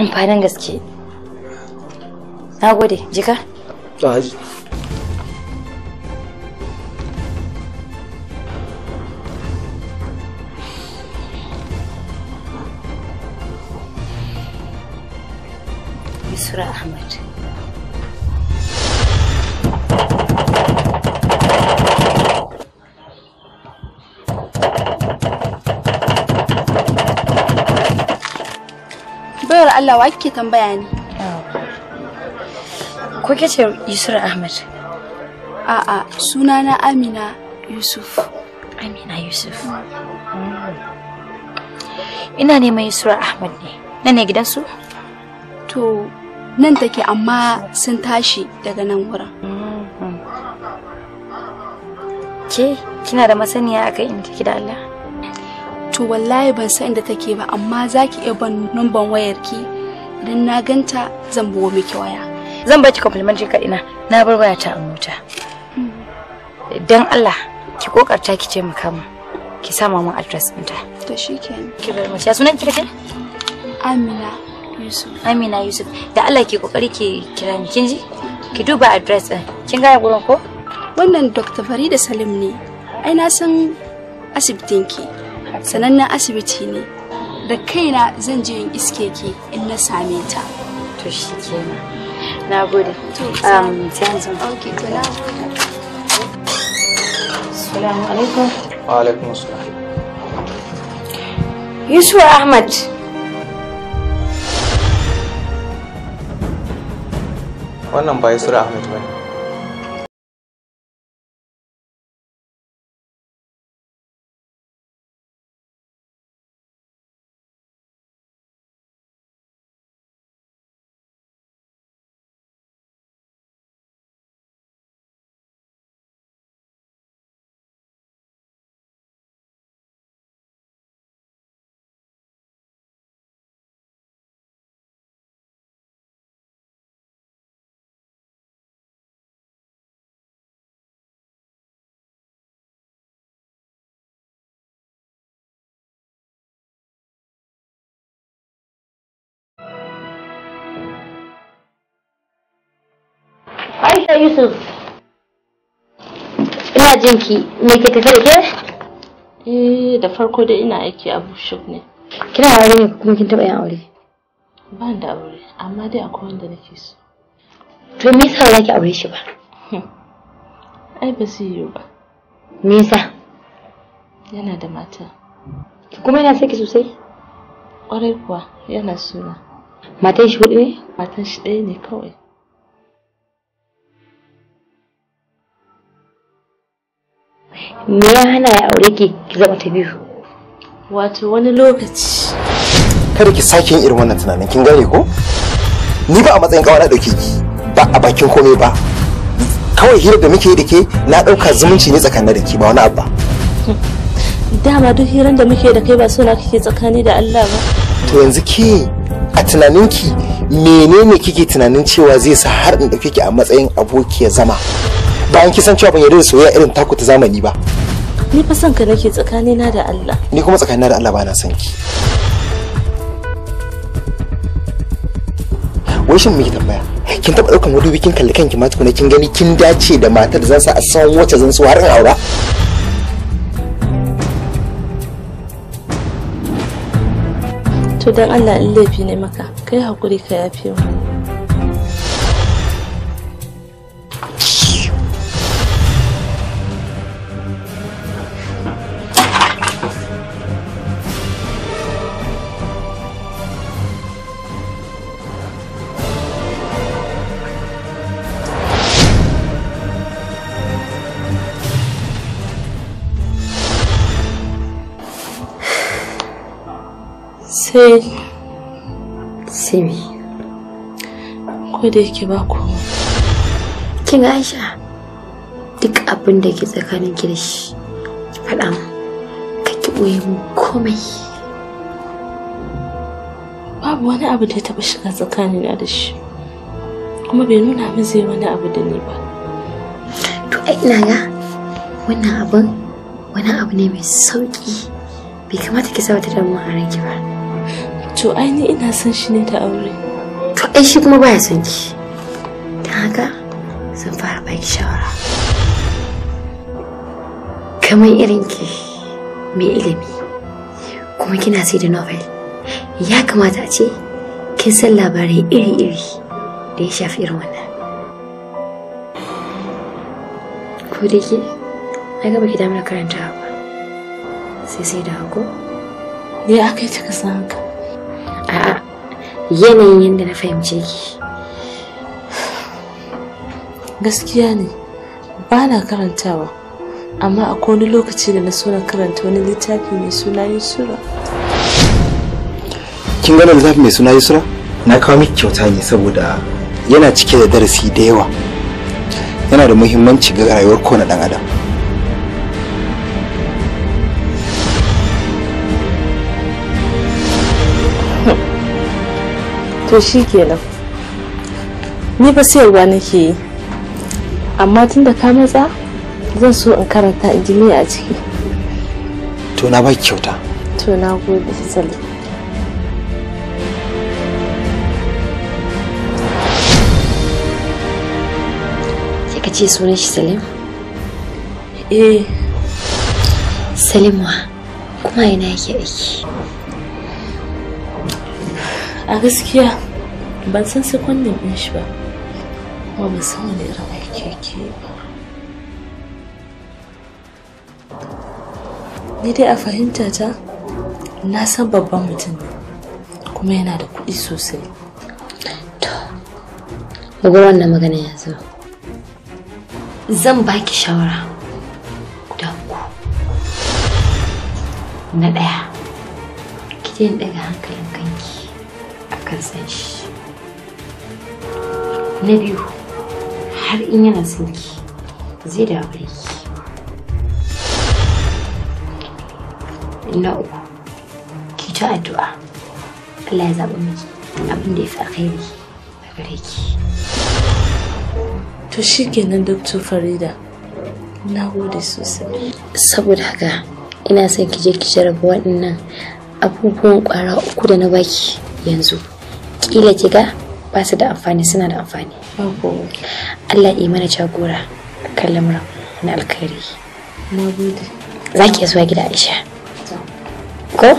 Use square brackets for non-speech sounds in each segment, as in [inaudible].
amfanin gaske na gode jika Isra Ahmad. Allah wa kike tambaya ni? Ko ce Yusuf Ahmad? A'a, sunana Amina Yusuf. Amina Yusuf. Mm. Ina neman Yusuf Ahmad ne. Nan ne gidansu? To, nan take amma sun tashi daga nan wurin. Mm-hmm. Ke, kina da masaniya akan inda kike da Allah? to wallahi ban san inda take ba amma za ki iya ban numban wayarki idan na ganta zan buwo miki waya zan baki ka ina na bar wayata ta mota Dan allah ki kokarta ki ce mu ki sama mun address ɗinta to shikenan ki bar mu sunan ki kace amina yusuf amina yusuf da allah ki kokari ki kira ni kin ji ki duba address ɗin kin ga gurin ko wannan dr farida salim ne ai na san asibitinki sanannen asibiti ne da kaina zan je in iske ki in na same ta to shi na gode to um sai okay to na gode assalamu alaikum wa alaikum assalam yusuf ahmad wannan ba yusuf ahmad bane Ya Yusuf. Ina jinki. Me ke tafe da ke? Eh, da farko dai ina aiki a Bushuk ne. Kina aure ne kuma kin taba yin aure? Ba da aure, amma dai akwai wanda nake so. To me yasa ba ki aure shi ba? Hmm. Ai ba zai yiwu ba. Me yasa? Yana da mata. Kuma yana saki sosai? Kwarai kuwa, yana suna. Matan shi hudu ne? Matan shi ɗaya ne kawai. me ya hana ya aure ki ki zama ta biyu wato wani lokaci kada ki sake yin irin wannan tunanin kin gane ko ni ba a matsayin kawai na dauke ki ba a bakin komai ba kawai hira da muke da ke na dauka zumunci ne tsakanin da ki ba wani abu ba dama duk hiran da muke da kai ba suna kake tsakani da Allah ba to yanzu ke a tunaninki menene kike tunanin cewa zai sa har in dauke ki a matsayin abokiyar zama bayan kisan cewa ban yarda da soyayya irin taku ta zamani ba ni fa son ka nake tsakanina da Allah ni kuma tsakanina da Allah ba na son ki wai shin me tambaya kin taba daukan wani kin kalli kanki ma tukuna kin gani kin dace da matar da zan sa a san wacce zan so har in aura to dan Allah in laifi ne maka kai hakuri ka yafe mu sai sai ko da yake ba ku kin aisha duk abin da ke tsakanin ki da shi faɗa mu ka ki ɓoye mu komai babu wani abu da ya taɓa shiga tsakanin da shi kuma bai nuna min zai wani abu da ni ba to ai ina ga wannan abin wani abu ne mai sauƙi bai kamata ki sa wata damuwa a ranki ba to aini ina son shi ne ta aure to ai shi kuma baya son ki ta haka zan fara baki shawara kamar irin ki mai ilimi kuma kina sai da novel ya kamata a ce kin san labarai iri-iri da ya shafi irin wannan ko da ke na gaba ki damar karanta ba sai sai da hako ne aka yi cika san haka yanayin yadda na fahimce ki gaskiya ne ba na karantawa amma a wani lokaci da na so na karanta wani littafi mai suna yusura kin gane littafi mai suna yusura na kawo miki kyauta ne saboda yana cike da darasi da yawa yana da muhimmanci ga rayuwar kowane dan adam to shi kenan ni ba sayarwa nake yi amma tun da ka matsa zan so in karanta in a ciki to na baki kyauta to na gode sai ka ce sunan shi salim eh salimwa kuma ina yake aiki a gaskiya ban san sekundin ɗin shi ba kuma ban san wani irin aiki ke ba ni dai a fahimta ta na san babban mutum ne kuma yana da kuɗi sosai to ga wannan magana yanzu zan baki shawara guda ku na ɗaya ki je in hankali kan san shi na biyu har in yana son ki zai da aure ki na uku ki ta addu'a Allah ya zaɓa miki abin da ya fi alkhairi a gare ki to kenan Dr. Farida na gode sosai saboda haka ina son ki je ki jarraba waɗannan abubuwan ƙwara uku da na baki yanzu kila ki ga ba su da amfani suna da amfani Allah yi mana jagora kan lamuran na alkhairi za ki zuwa gida aisha ko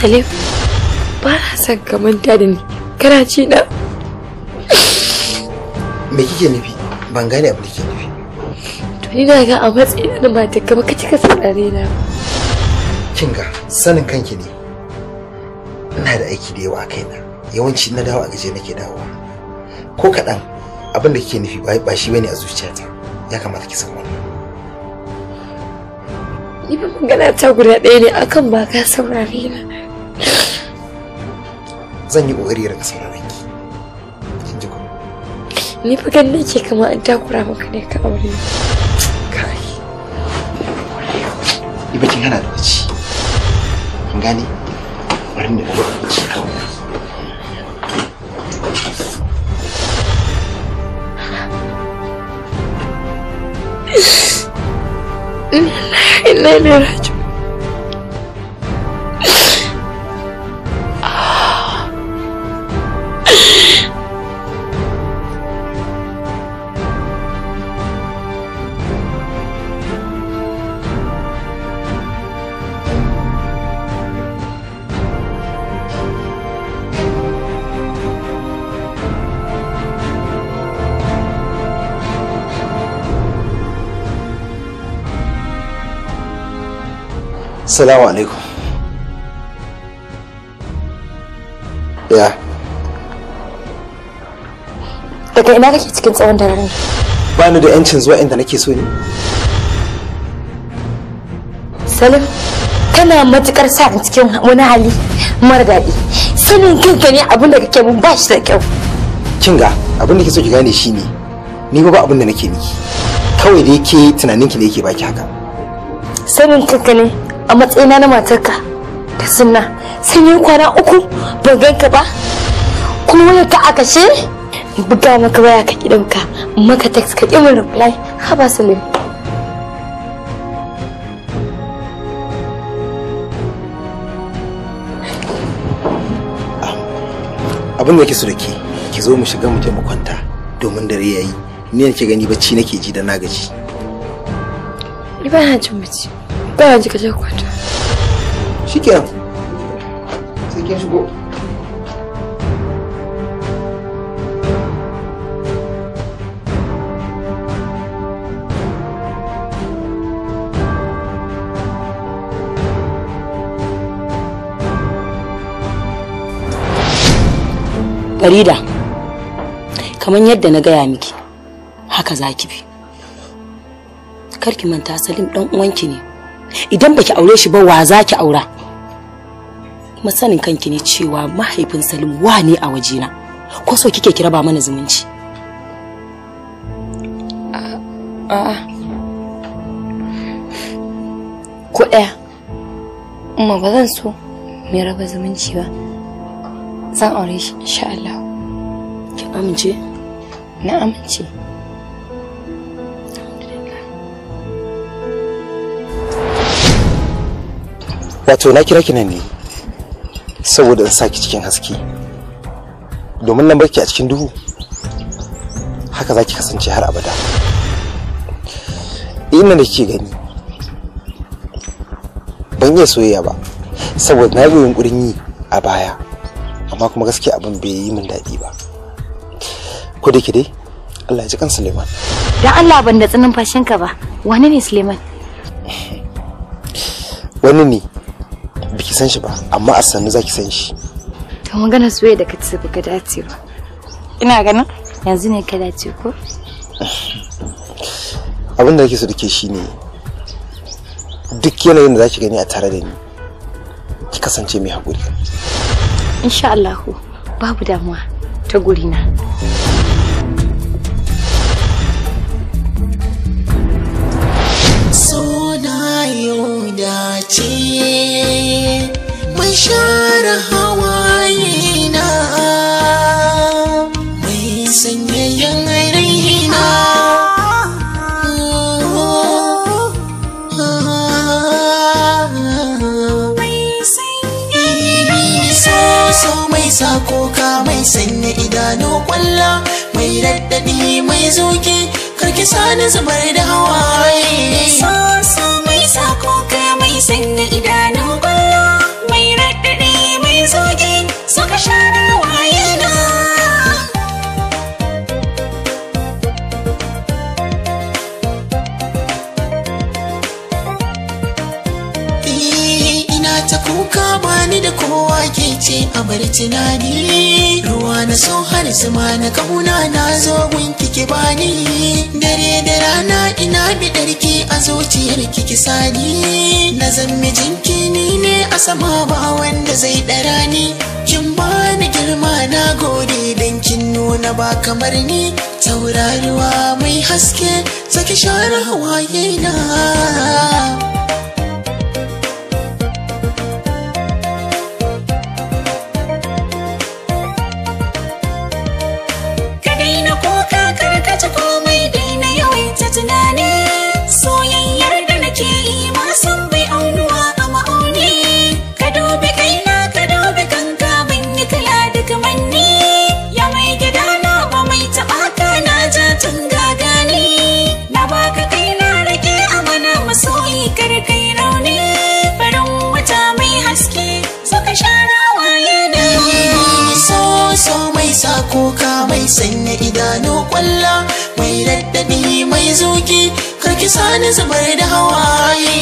Salim, ba na son ka manta da ni. Kana ci na? Me kike nufi? Ban gane abin da kike nufi. To ni na ga a matsayin na mata ka baka cika saurare na. Kinga, sanin kanki ne. Ina da aiki da yawa a kaina. Yawanci na dawo a gaje nake dawowa. Ko kaɗan abin da kike nufi ba shi bane a zuciyata. Ya kamata ki san wannan. Ni ba magana ta guda ɗaya ne akan ba ka saurare na. zan yi kokari daga sauraron ki kin ji ko ni fa kan nake kamar an takura maka ne ka aure kai ibe kin hana da ci kin gane bari mu ga ci ne, ne, راجعون Salamu alaikum. Ya. Daga ina kake cikin tsawon dare ne? Ba ni da yancin zuwa inda nake so ne. Salim, kana matukar sa cikin wani hali mara daɗi. Sanin kanka ne abinda kake mun ba shi da kyau. Kinga, abinda da ke so ki gane shi ne. Ni ba abin da nake miki. Kawai da yake tunaninki ne yake baki haka. Sanin kanka ne a matsayina na matarka da sunna sai yi kwana uku ban ganka ba kuma wani ta aka ce buga maka waya ka gidanka maka text ka ƙi reply ha ba su abin da ke su da ke ki zo mu shiga mu je kwanta domin dare yayi ni ne gani bacci nake ji da na gaji ni Ba ji ka Farida, kamar yadda na gaya miki, haka za ki bi. Karki manta Salim ɗan uwanki ne. idan baki aure shi ba wa za ki aura masanin kanki ne cewa mahaifin salim wa ne a wajena ko so kike kira ba mana zumunci a ko ɗaya amma ba zan so mai raba zumunci ba zan aure shi insha Allah ki amince na amince wato na kira ki nan ne saboda in saki cikin haske domin nan barki a cikin duhu haka za ki kasance har abada ina da ke gani ban iya soyayya ba saboda na yi yunkurin yi a baya amma kuma gaskiya abin bai yi min daɗi ba ko da ke dai Allah ya ji kan Suleiman dan Allah ban da tsinin fashinka ba wani ne Suleiman wani ne san shi ba amma a sannu zaki san shi to magana soyayya da kace baka dace ba ina ganin yanzu ne ka dace ko abin da kake so dake shine duk yanayin da zaki gani a tare da ni ki kasance mai hakuri insha Allah babu damuwa ta gurina. na ce mun share hawaye na mai sanyayen raina na mai sako ka mai sanya idanu kwalla mai raddadi mai zoke karki sani zubar da hawaye mai sako sanya idanun kwallo mai raɗaɗi mai zoge suka share wayana ina ta kuka bani da kowa ke ce a bar tunani ruwa na so har zuma na kauna na zo gunki ki bani dare da rana ina ki. a zuciyar kiki sani na zan mijinki ni ne a sama ba wanda zai dara ni kin bani girma na gode dan kin nuna ba kamar ni tauraruwa mai haske saki share hawaye na sa kuka mai sanya idanu kwalla mai raddadi mai zuki karki sani zubar da hawaye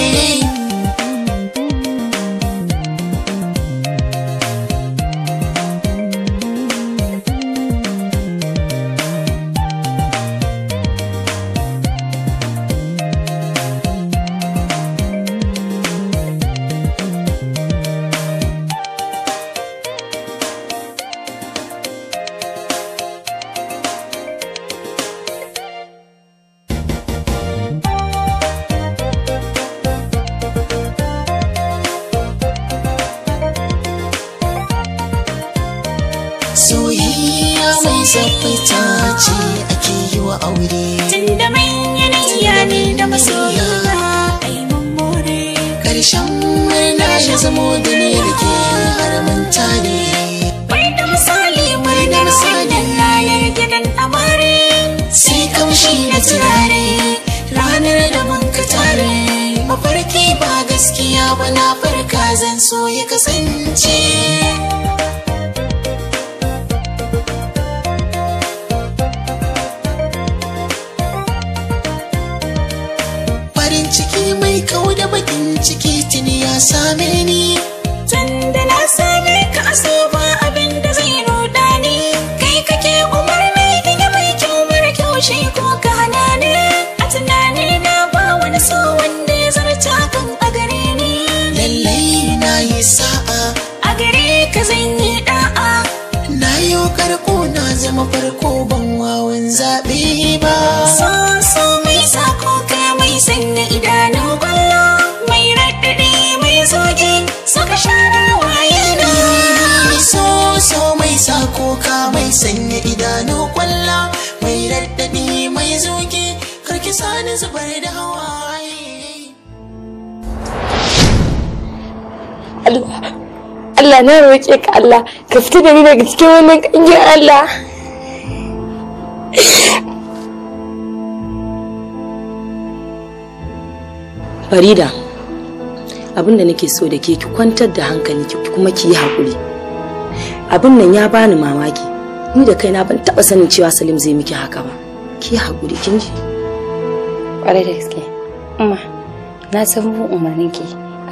na roƙe ka Allah ka fita da ni daga cikin wannan ƙangin Allah Farida abin da nake so da ke ki kwantar da hankali ki kuma ki yi haƙuri abin nan ya bani mamaki ni da kaina ban taɓa sanin cewa Salim zai miki haka ba ki yi haƙuri kin ji ƙwarai da gaske amma na san umarnin umarninki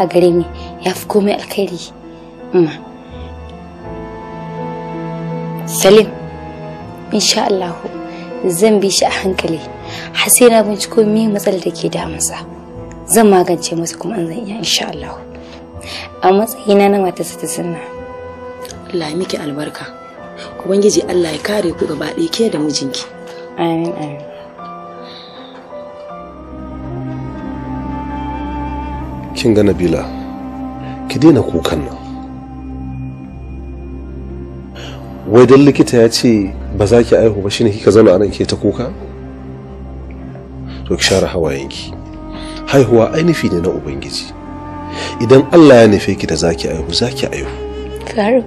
a gare ni ya fi komai alkhairi Salim, insha Allahu zan bi shi a hankali har sai na binciko me matsalar da ke damunsa. Zan magance masa kuma an zan iya insha Allahu. A matsayina na matarsa ta sunna. Allah miki albarka. Ubangiji Allah ya kare ku gaba ɗaya ke da mijinki. Amin amin. Kin ga Nabila, ki daina kukan nan. wai don likita ya ce ba za ki aihu ba shine kika zauna anan ke ta kuka to ki share hawayenki haihuwa ainihi ne na ubangiji idan allah ya nufe ki da za ki aihu za ki aihu karu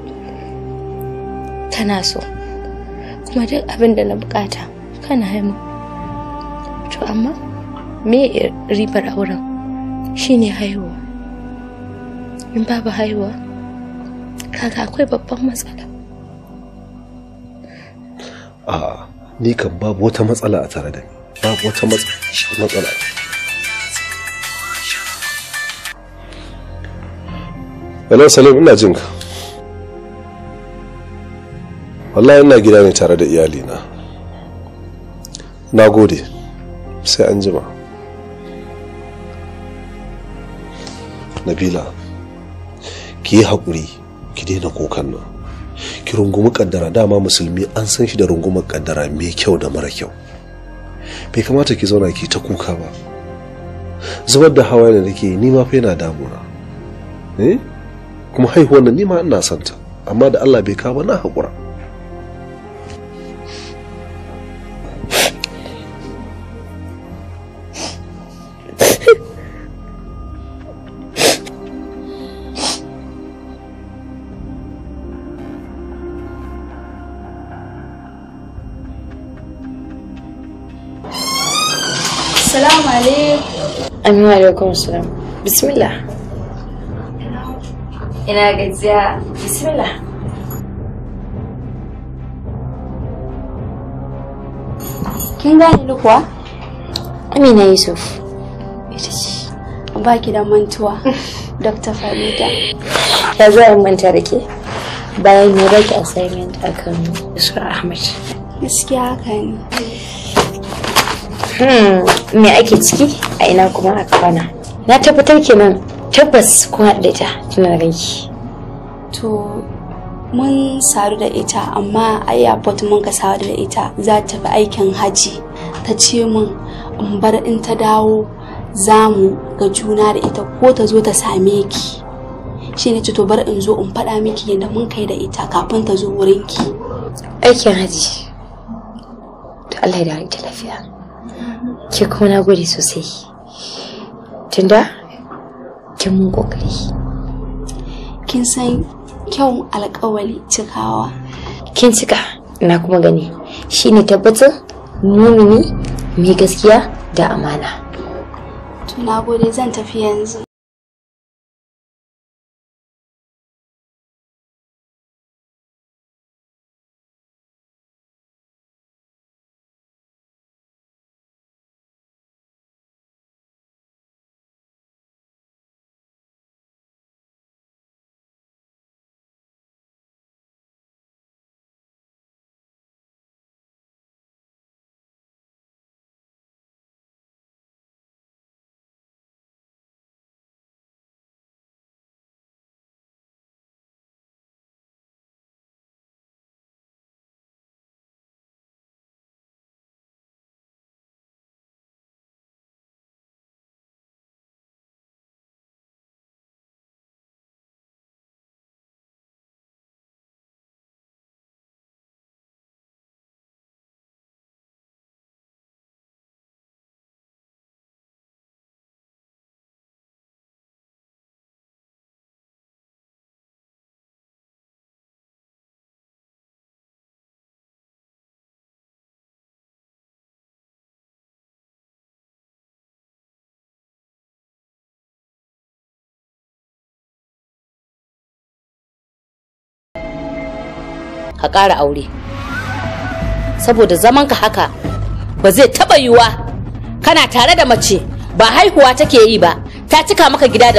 kana so kuma duk abin da na bukata kana haimu to amma me ribar auren shine haihuwa in babu haihuwa kaga akwai babban matsala a ni kan babu wata matsala a tare da ni babu wata matsala Hello Salim ina jin ka wallahi ina gida ne tare da iyalina na Nagode sai an jima nabila ki yi haƙuri ki daina kokan nan ki rungumi kaddara dama musulmi an san shi da rungumar kaddara mai kyau da mara kyau bai kamata ki zauna ki ta kuka ba zubar da hawa da nake ni ma fa yana damuna eh kuma haihuwar nan ni ma ina santa amma da Allah bai kawo na haƙura Amin alaikum salam. Bismillah. Ina gajiya. Bismillah. Kin gane ni kuwa? Amina Yusuf. Ita baki da mantuwa. [laughs] Dr. Farida. Ya za a manta da ke? Bayan ne baki assignment akan Isra Ahmad. Gaskiya haka ne. Hmm, me ake ciki a ina kuma a kwana na tabbatar kenan tabbas kun haɗu da ita ranki to mun sadu da ita amma a airport mun ka sadu da ita za ta fi aikin haji ta ce mun in bar in ta dawo za mu ga juna da ita ko ta zo ta same ki shi ne to bar in zo in faɗa miki yadda mun kai da ita kafin ta zo wurinki aikin haji to Allah ya da lafiya Ke kuma na gode sosai. Tunda kin mun kokari. Kin san kyau alƙawari cikawa. Kin cika na kuma gani shine tabbatar mumini mai gaskiya da amana. To na zan tafi yanzu. ka ƙara aure saboda zaman ka haka ba zai taɓa yiwuwa kana tare da mace ba haihuwa take yi ba ta cika maka gida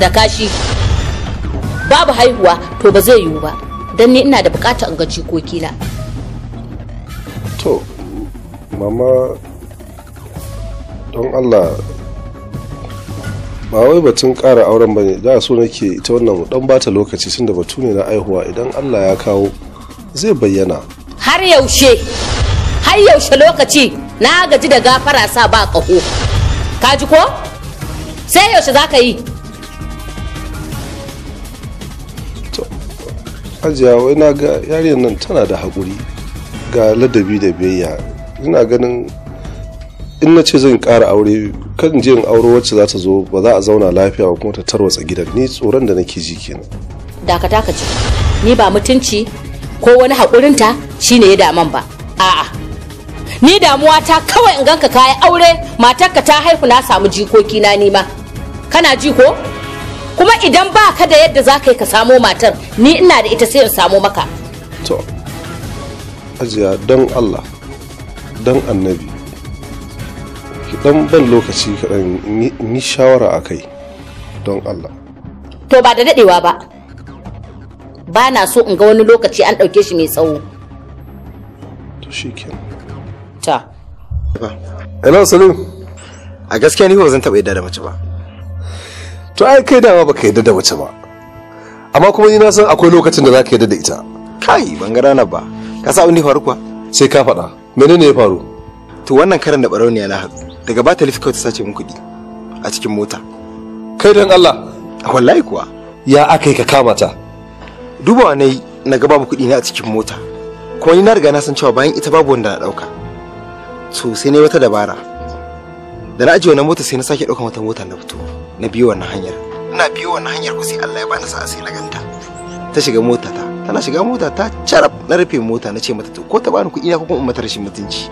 da kashi babu haihuwa to ba zai yiwu ba don ni ina da bukatar in ga jikokina to mama don allah ba wai batun ƙara auren ba ne da so nake ita wannan dan bata lokaci da batu ne na aihuwa idan allah ya kawo zai bayyana har yaushe har yaushe lokaci na gaji da gafara sa ba ƙaho ka ji ko sai yaushe za ka yi ajiya wai na ga yarin nan tana da haƙuri ga ladabi da biyayya ina ganin in na ce zan ƙara aure kan jin aure wacce za ta zo ba za a zauna lafiya ba kuma ta tarwatsa gidan ni tsoron da nake ji kenan dakata ka ce ni ba mutunci ko wani haƙurinta shine ya daman ba a'a ni damuwa ta kawai in ganka kayan aure matarka ta haihu na samu jikoki na nima kana ji ko kuma idan ba ka da yadda za ka yi ka samo matar ni ina da ita sai in samo maka to ajiya don allah don annabi ki dan ban lokaci kaɗan ni shawara a kai don Allah. To ba da daɗewa ba. Ba na so in ga wani lokaci an ɗauke shi mai tsawo. To shi Ta. Hello Salim. A gaskiya ni ba zan taɓa yadda da mace ba. To ai kai dama baka yadda da mace ba. Amma kuma ni na san akwai lokacin da za ka yadda da ita. Kai ban ga rana ba. Ka sa abin da faru kuwa? Sai ka faɗa. Menene ya faru? To wannan karan da barauniya na hatsi. daga batalis kawai ta sace min kuɗi a cikin mota kai don Allah wallahi kuwa ya aka yi ka kama ta duba na na ga babu kuɗi na a cikin mota kuma ni na riga na san cewa bayan ita babu wanda na ɗauka to sai ne wata dabara da na ajiye wannan mota sai na sake ɗaukan wata mota na fito na biyo wannan hanyar ina biyo wannan hanyar ku sai Allah ya bani sa'a sai na ganta ta shiga mota ta tana shiga mota ta carab na rufe mota na ce mata to ko ta bani kuɗi na ko kuma in mata rashin mutunci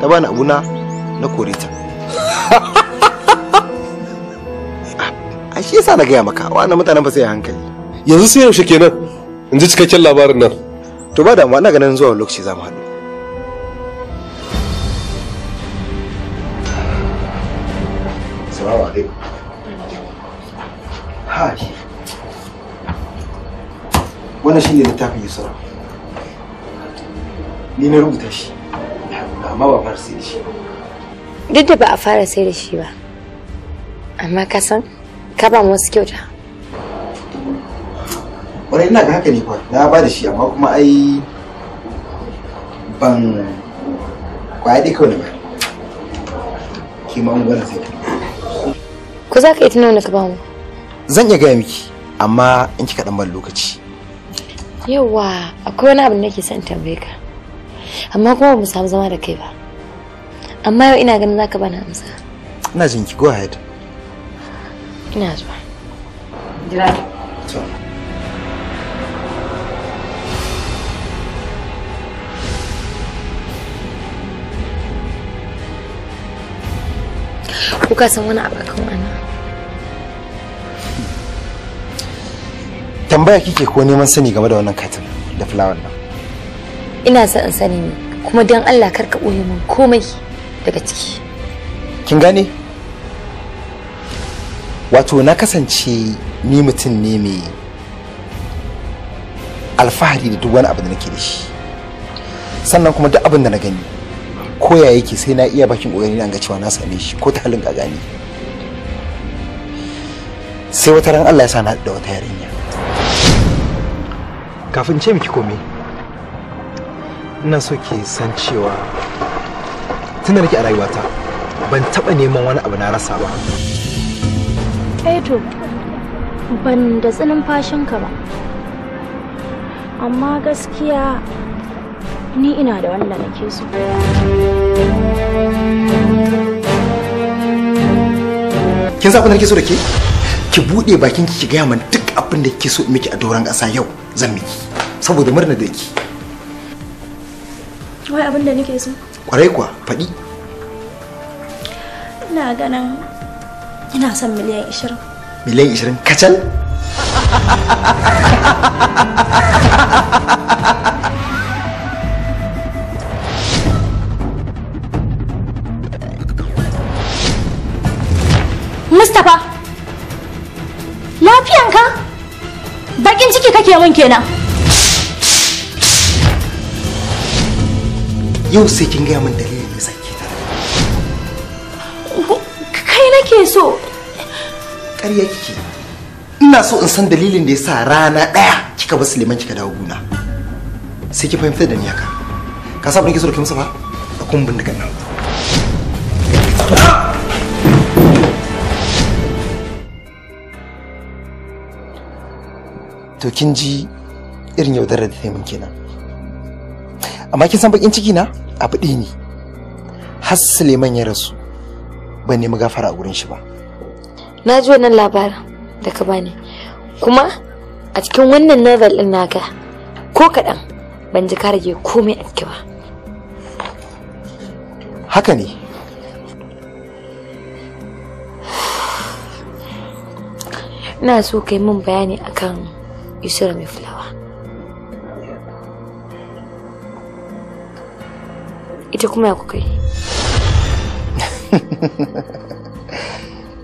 ta bani abuna na kore ta a shi yasa na gaya maka wannan mutanen ba sai hankali yanzu sai yaushe kenan in ji cikakken labarin nan to ba damuwa ina ganin zuwa lokaci za mu haɗu salamu alaikum ha wannan shine littafin yusuf ni na rubuta shi amma ba farsi shi duk da ba a fara sai da shi ba amma ka san ka ba wasu kyauta wani ina ga haka ne kwa na ba da shi amma kuma ai ban kwaya dai kawai ba ma ungwana sai ku za ka yi tunawa ka ba mu zan iya gaya miki amma in ki kaɗan ban lokaci yawa akwai wani abu da ke son tambaye ka amma kuma ba mu samu zama da kai ba amma yau ina ganin zaka bani amsa ina jin ki go ahead ina zuwa jira kuka san wani abu kan wannan tambaya kike ko neman sani game da wannan katin da fulawar nan ina son sani ne kuma don allah kar ka ɓoye min komai daga ciki kin gane wato na kasance ni mutum ne mai alfahari da duk wani abu da nake da shi sannan kuma duk abin da na gani koya yake sai na iya bakin ƙoƙari na ga cewa na same shi ko ta halin gani sai wata ran Allah ya sa na da wata yarinya kafin ce miki komai ina so ki san cewa tunda nake a rayuwata ban taɓa neman wani abu na rasa ba eh to ban da tsinin fashinka ba amma gaskiya ni ina da wanda nake so kin sa kuma nake so da ke ki buɗe bakin ki gaya min duk abin da kike so miki a doron kasa yau zan miki saboda murna da ki wai abin da nake so kwarai kuwa faɗi ina ganin ina son miliyan 20 miliyan 20 kacal Mustapha, lafiyanka? Bakin ciki kake mun kenan. yau sai kin gaya min dalilin da sake ta kai nake so ƙarya kike ina so in san dalilin da sa rana ɗaya kika bar Suleiman kika dawo guna sai ki fahimtar da ni haka ka saba nake so da ki musa ba da kun bindigan nan to kin ji irin yaudarar da ta yi min kenan amma kin san bakin ciki na abu ɗaya har suleiman ya rasu ban nemi gafara a gurin shi ba na ji wannan labarin da ka bani kuma a cikin wannan novel ɗin naka ko kaɗan ban ji ka rage komai a ciki ba haka ne ina so ka yi min bayani akan yusuf mai fulawa ce kuma ya cu [laughs] yi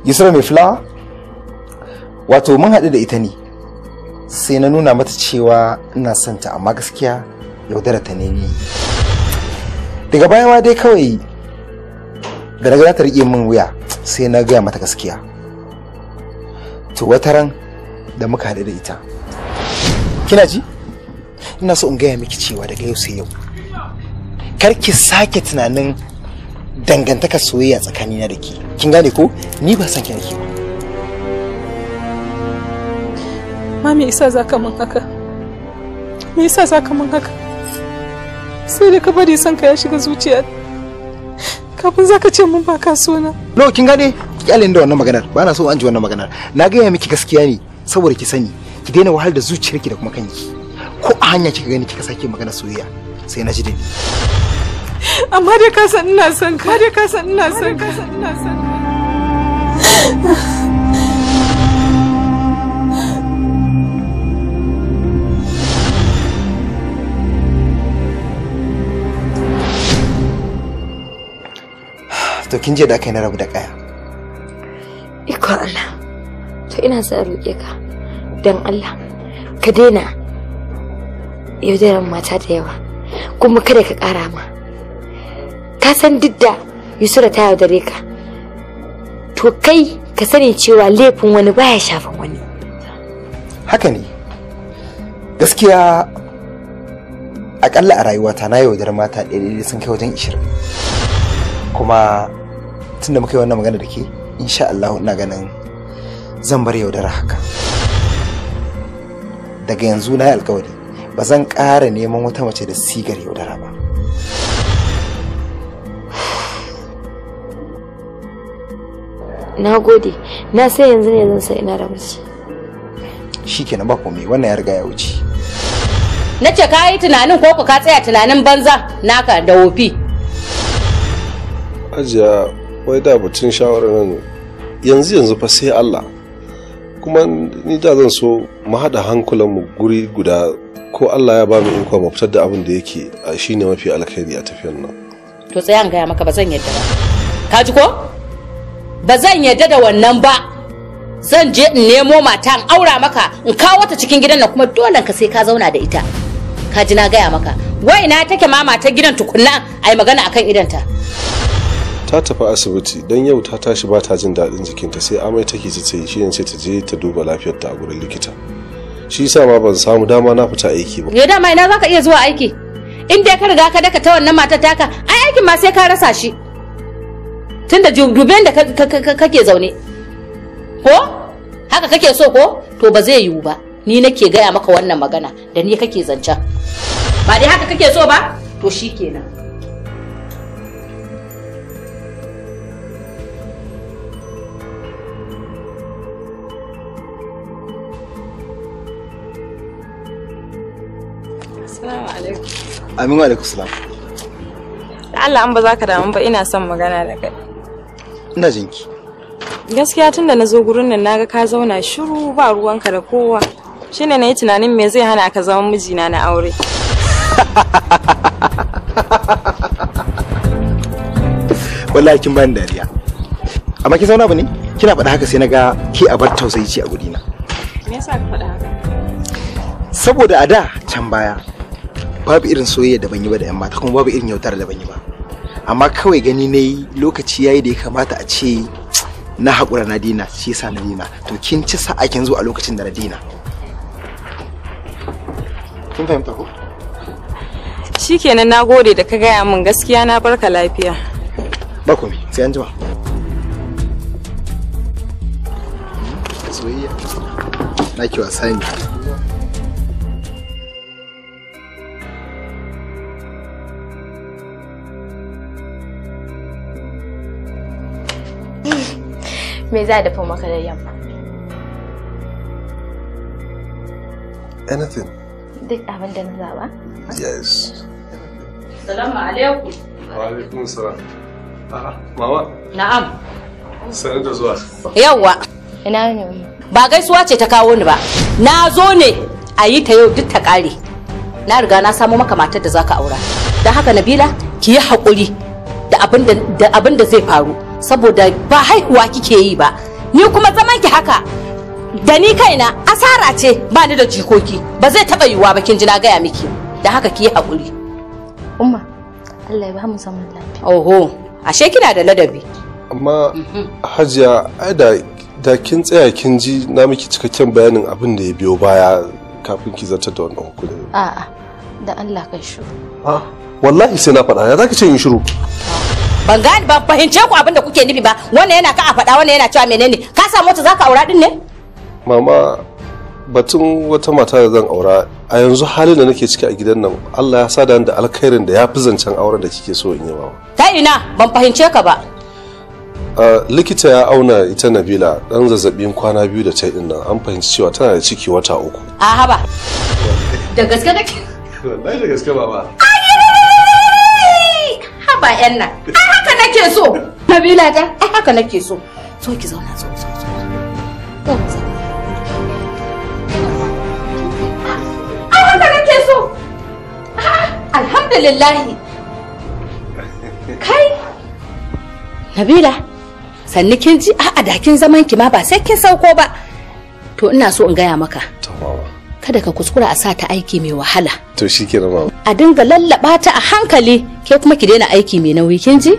yusra mai fulawa wato mun haɗu da ita ne sai na nuna mata cewa ina son ta amma gaskiya yaudara ta ne ni daga baya ma dai kawai da daga ta riƙe min wuya sai na gaya mata gaskiya to wata ran da muka haɗu da ita kina ji ina so in gaya miki cewa daga yau sai yau kar ki sake tunanin dangantaka soyayya tsakanina da ke kin gane ko ni ba san ki nake ba mami isa za ka min haka me isa za ka min haka sai da ka bari son ka ya shiga zuciya kafin za ka ce min ba ka so na no kin gane kyalin da wannan maganar ba na so an ji wannan maganar na gaya miki gaskiya ne saboda ki sani ki daina wahal da zuciyarki da kuma kanki ko a hanya kika gani kika sake magana soyayya sai na ji dai amma dai ka san ina son ka dai ka san ina son ka ina son to kin je da kai na rabu da kaya iko Allah to ina sa roƙe ka dan Allah ka daina yaudaran mata da yawa kuma kada ka ƙara ma ka san duk da yusura ta yaudare ka to kai ka sani cewa laifin wani baya shafan wani haka ne gaskiya akalla a rayuwata na yaudar mata ɗaya sun kai wajen ishirin kuma tun da muka yi wannan magana da ke insha Allah ina ganin zan bar yaudara haka daga yanzu na yi alkawari ba zan ƙara neman wata mace da sigar yaudara ba na gode na sai yanzu ne zan sa ina da miji shikenan ba komai wannan ya riga ya wuce na ce ka yi tunanin ko ku ka tsaya tunanin banza naka da wofi ajiya wai da batun shawarar nan yanzu yanzu fa sai Allah kuma ni da zan so mu haɗa hankulanmu guri guda ko Allah ya ba mu in mu fitar da abin da yake shine mafi alkhairi a tafiyar nan to tsayan gaya maka ba zan yadda ba ka ji ko ba zan yarda da wannan ba zan je in nemo mata in aura maka in kawo ta cikin gidan nan kuma dole ka sai ka zauna da ita ka ji na gaya maka wai na take ma matar gidan tukunna ai magana akan idan ta Ta tafi asibiti dan yau ta tashi ba ta jin daɗin jikinta sai amai take ji ta shi ce ta je ta duba lafiyar ta a gurin likita shi yasa ma ban samu dama na fita aiki ba ya dama ina zaka iya zuwa aiki in dai ka riga ka daka ta wannan matar taka ai aikin ma sai ka rasa shi tunda dubiyan da kake zaune ko haka kake so ko to ba zai yiwu ba ni nake gaya maka wannan magana da ni kake zancen ba dai haka kake so ba to shi kenan Amin wa alaikum salam. Allah an ba za ka damu ba ina son magana da kai. ina jinki gaskiya tun da na zo gurin nan naga ka zauna shiru ba ruwanka da kowa shine na yi tunanin me zai hana ka zama mijina na aure [laughs] wallahi kin bani dariya amma ki zauna ba ne kina faɗa haka sai na ga ki a bar tausayi ce a gudina me yasa ka faɗa haka saboda a da can baya babu irin soyayya da ban yi ba da yan mata kuma babu irin yautar da ban yi ba amma kawai gani ne lokaci lokaci yayi da ya kamata a ce na haƙura na dina shi yasa na dina to kin ci sa'a kin zo a lokacin da na dina kin fahimta ko shikenan na gode da ka gaya min gaskiya na barka lafiya ba komi sai an jima hmm, soyayya na ki wasa me za a dafa maka da yamma anything duk abin da na zaba yes salamu alaikum wa alaikum salam mawa na'am sanar da zuwa yawwa ina ne ba gaisuwa ce ta kawo ni ba na zo ne a yi ta yau duk ta kare na riga na samu maka matar da zaka aura don haka nabila ki yi haƙuri da abin da zai faru saboda ba haihuwa kike yi ba ni kuma zaman ki haka da ni kaina asara ce ba ni da jikoki ba zai taba yiwuwa ba kin ji na gaya miki da haka ki haƙuri umma Allah ya ba mu zaman lafiya oho ashe kina da ladabi amma mhm. hajiya ai da da kin tsaya kin ji na miki cikakken bayanin abin da ya biyo baya kafin ki zata da wannan hukuri a'a da Allah kai shiru a ah, wallahi sai na faɗa ya zaka ce in shiru ah. ban gani ban fahimce ku abin da kuke nufi ba wannan yana ka a faɗa wannan yana cewa menene ka sa mota zaka aura din ne mama batun wata mata da zan aura a yanzu halin da nake ciki a gidan nan Allah ya sada da alkhairin da ya fi zancen auren da kike so in yi mama ta ina ban fahimce ka ba likita ya auna ita nabila dan zazzabin kwana biyu da ta yi nan an fahimci cewa tana da ciki wata uku a haba da gaske kake? wallahi da gaske baba ba yan nan ai haka nake so nabila ta ai haka nake so so ki zauna zo zo zo ai haka nake so ah, alhamdulillah kai nabila sanni kin ji a'a da kin zaman ki ma ba sai kin sauko ba to ina so in gaya maka kada ka kuskura a sata aiki mai wahala to shikenan mama a dinga lallaba ta a hankali ke kuma ki daina aiki mai nauyi kin ji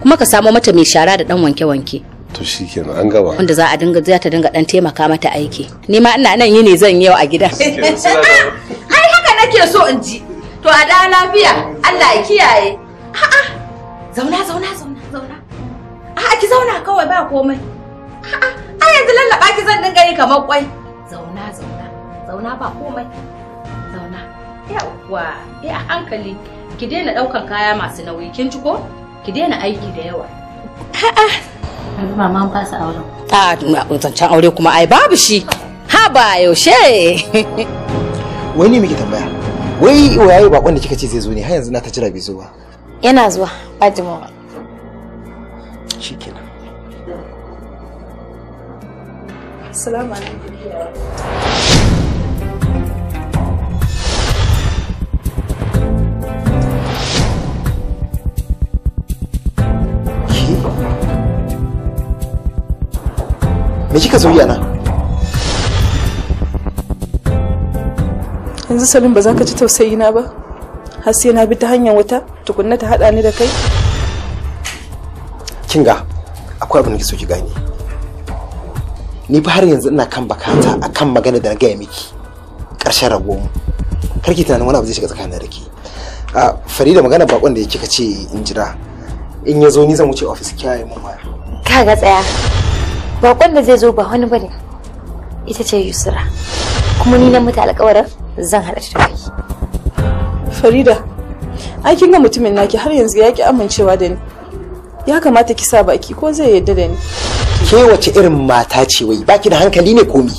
kuma ka samo mata mai shara da dan wanke-wanke to ke an gaba wanda za a dinga za ta dinga dan taimaka mata aiki ni ma ina nan yi ne zan yau a gida [laughs] ai haka nake so in ji to a da lafiya Allah ya kiyaye a'a zauna zauna zauna zauna a'a ki zauna kawai ba komai a'a ai yanzu lallaba ki zan dinga yi kamar kwai zauna zauna zauna ba komai zauna yawwa ya eh, a hankali ki daina ɗaukan kaya masu nauyi kin ci ko ki daina aiki da yawa a'a yanzu mama an fasa auren a zancen aure kuma ai babu shi ha ba yaushe wai ne muke tambaya wai waye bakon da kika ce zai zo ne har yanzu na ta jira bai zo ba yana zuwa ba jimawa shikenan Assalamu alaikum. me kika zo yana yanzu salim ba za ka ci tausayi na ba har sai na bi ta hanyar wata tukunna ta hada ni da kai kinga akwai abin da so ki gane ni fa har yanzu ina kan bakata akan magana da na gaya miki karshen rago mu karki tunanin wani abu zai shiga tsakanin da ke a farida magana bakon da kika ce in jira in ya zo ni zan wuce ofis kiyaye mun waya kaga tsaya bakon da zai zo ba wani bane ita ce yusra kuma ni na mata alƙawarin zan hada ta kai farida ai kin ga mutumin naki har yanzu ya ki amincewa da ni ya kamata ki sa baki ko zai yarda da ni ke wace irin mata ce wai baki da hankali ne komi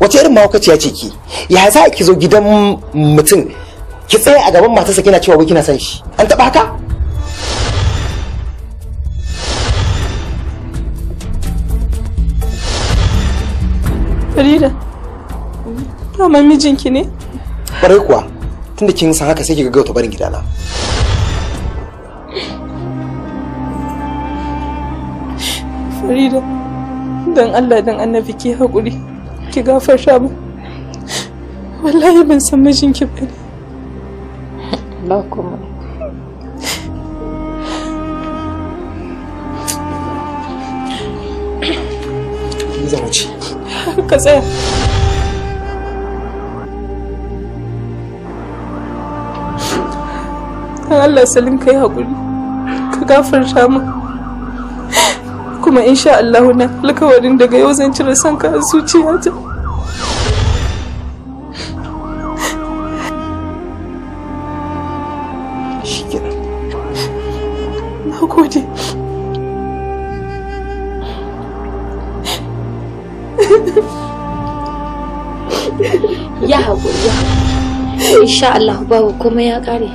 wace irin mahaukaciya ce ki ya za ki zo gidan mutum ki tsaya a gaban matarsa kina cewa wai kina san shi an taba haka Farida, dama mijinki ne? Barai kuwa, tunda kin san haka sai ki gaggauta barin gidana. Farida, don Allah don annabi ki haƙuri, ki gafarta mu. Wallahi ban san mijinki ba ne. Allah kuma. Ni zan wuce. [laughs] ka tsaya kan Allah salin kai haƙuri ka gafarta kuma insha Allah na alkawarin daga yau zan cire sanka a zuciyata insha Allah babu komai ya kare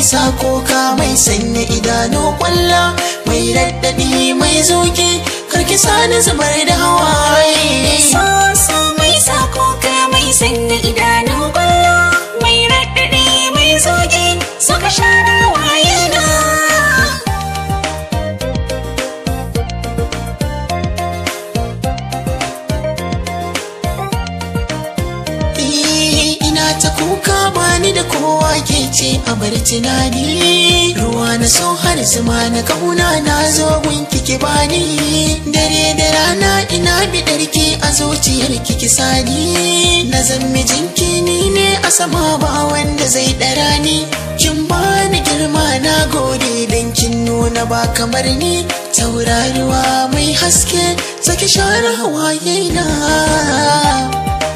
mai sako ka mai sanya idanu kwalla mai raddadi mai zuki karki sani zubar da hawaye so so mai sako ka mai sanya idanu kwalla ce a bar tunani ruwa na so har zuma na kauna na zo gunki ki bani dare da rana ina darki a zuciyar ki sani na zan mijinki ni ne a sama ba wanda zai dara ni kin bani girma na gode dan kin nuna ba kamar ni tauraruwa mai haske saki sharawa, hawaye na